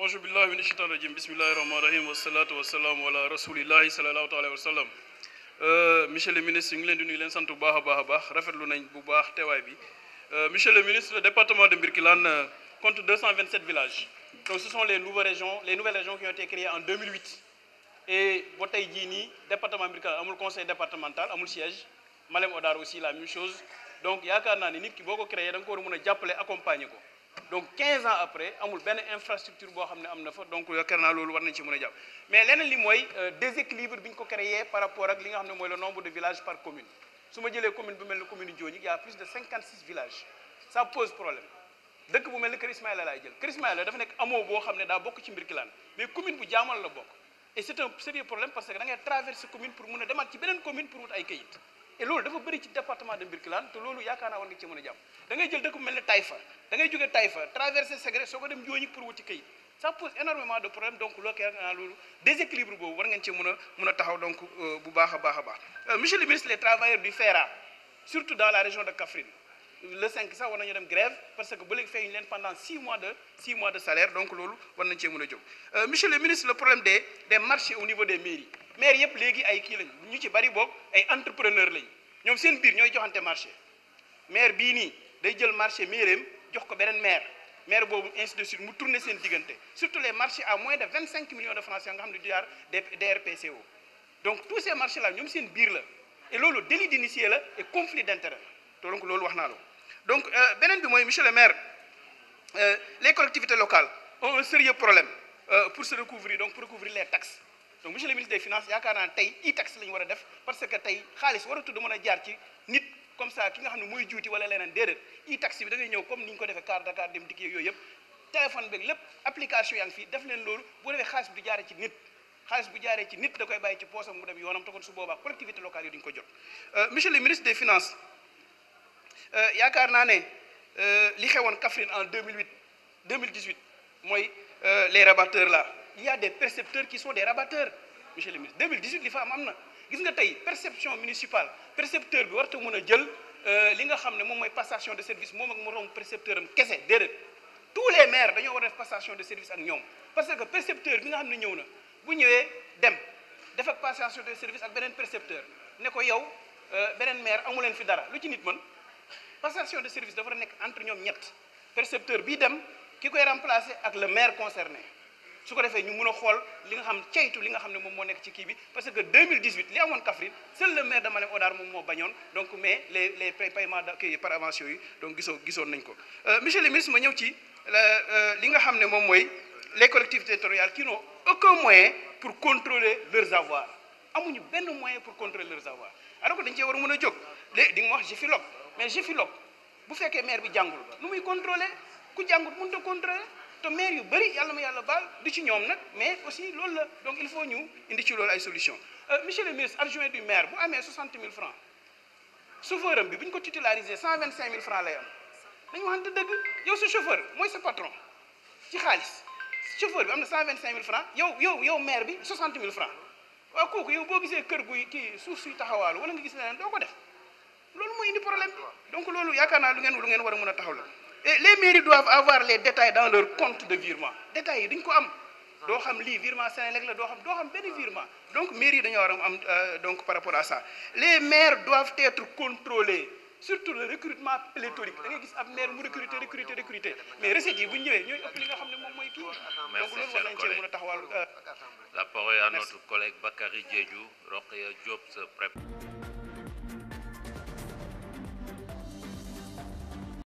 Bonjour, auzu billahi mina shaytani rajim bismillahi wa salatu wa wasalaamu ala rasulillahi salallahu taala wa sallam euh, monsieur le ministre ñu ngi leen di nuyu leen sant bu baax a baax bu baax bi euh, monsieur le ministre le département de Birkilane euh, compte 227 villages donc ce sont les nouvelles régions les nouvelles régions qui ont été créées en 2008 et ba tey jii nii département Birkelane amul conseil départemental amul siège Malem Hodar aussi la même chose donc yaakaar naa ni nit ki boo ko créé da nga ko war a accompagner ko donc 15 ans après amul ben infrastructure bo xam ne am fa donc yaakaar naa war nañ ci mëna a mais leneen li un euh, déséquilibre bi ko créé par rapport ak li nga moy le nombre de villages par commune suma jëlé commune bu melni de commune il y a plus de 56 villages ça pose problème dëkk bu melni ne Kër Ismaïla laay jël Kër Ismaïla dafa nek amo bo xam da daa bokk ci Mbirkilaan mais commune bu jaamal la bokk et c'est un sérieux problème parce que da ngay traverser commune pour mëna a ci benen commune pour wut ay kayit et loolu dafa bëri ci département de Birkelane te loolu yaakaar naa war nga ci mën a jàpp da ngay jël dëkk bu mel ne Taïfa da jóge Taïfa traversé Ségret soo ko dem Ndiogni pour wuti kayit ça pose énormément de problème donc lookeer naa loolu déséquilibre boobu war ngeen ci mën a mën a taxaw donc euh, bu baax a baax a baax euh, monsieur le ministre les du FERA surtout dans la région de Kaffrine le 5 on war nañu dem grève parce que ba fait une len pendant 6 mois de 6 mois de salaire donc lolu war nañ ci mëna a euh monsieur le ministre le problème des des marchés au niveau des mairies maires yëpp légui ay ki lañ ñu ci bari bok ay entrepreneur lañ ñom seen biir ñoy joxante marché maire bi ni day jël marché mairéem jox ko benen maire maire bobu ainsi de suite mu tourner seen diggante surtout les marchés à moins de 25 millions de francs nga xam du jaar DRPCO donc tous ces marchés là ñom seen biir la et lolu délit d'initié la et conflit d'intérêt donc lolu wax na la donc euh, benen bi moy monsieur le maire euh, les collectivités locales ont un sérieux problème euh, pour se recouvrir donc pour recouvrir les taxes donc monsieur le ministre des finances yakarna tay tey i taxe la wara def parce que tay xaalis wara tudd a jaar ci nit comme ça ki nga xam moy mooy wala lenen déedéet i taxe bi da ngay ñëw comme niñ ko defee car Dakar dem dikk yooyu téléphone bi lépp application yaa fi def leen lolu bu defee xaalis bi du jaaree ci nit xaalis bu jaaré ci nit da koy bàyyi ci poosam mu dem yoonam te su boobaa collectivité locale yi duñ ko jot monsieur le ministre des finances euh, yaakaar naa ne euh, li xewoon Kaffrine en 2008 2018 mooy euh, les rabatteurs là il y a des percepteurs qui sont des rabatteurs monsieur le ministre 2018 li fa am am na gis nga tey perception municipale percepteur bi warta mën a jël li nga xam ne moom mooy passation de service moom ak moroom percepteur am kese déedéet tous les maires dañoo war a def passation de service ak ñoom parce que percepteur bi nga xam ne ñëw na bu ñëwee dem def ak passation de service ak beneen percepteur ne ko yow beneen maire amu leen fi dara lu ci nit mën passation de service dafa être entre ñom ñet percepteur bi dem ki koy remplacer ak le maire concerné Ce ko defee ñu mëna xol li nga xam ceytu li nga xam né mom ci bi parce que 2018 li amone Kaffrine seul le maire de Mali, Odar mom mo bañon donc mais les les paiements de par avance donc ils gisoon nañ ko euh, monsieur le ministre ma ñew ci euh, li nga xam né mom moy les collectivités territoriales qui n'ont aucun moyen pour contrôler leurs avoirs amuñu benn moyen pour contrôler leurs avoirs alors que dañ ci war mëna mën a di nga wax mais Gefilop bu fekkee maire bi jàngul nu muy contrôler ku jàngut mënut a contrôler te maire yu bëri yàlla ma yàlla baal du ci ñoom nag mais aussi loolu la donc il faut ñu indi ci loolu ay solution euh, monsieur le ministre adjoint du maire bu amee 60 000 francs chauffeur bi buñ ko titulariser 125 000 francs lay am dañu waxante dëgg yow sa chauffeur mooy sa patron ci xaalis chauffeur bi am na 125 000 francs yow yow yow maire bi 60 000 francs waaw kooku yow boo gisee kër guy kii suuf suy taxawaalu wala nga gis leneen doo ko def loolu mooy indi problème bi donc loolu yaakaar naa lu ngeen lu ngeen war a mën a taxaw la et les mairies doivent avoir les détails dans leur compte de virement détails yi duñ ko am doo xam lii virement Senelec la doo xam doo xam benn virement donc mairie yi dañoo war a am euh, donc par rapport à ça les maires doivent être contrôlés surtout le recrutement pléthorique da ngay gis ab maire mu recruter recruter recruter mais recettes yi bu ñu ñëwee ñooy ëpp li nga xam ne moom mooy kii donc loolu war nañ cee mën a taxawal euh, la parole est à notre collègue Bakary Diédhiou Rokhaya Diop se prépare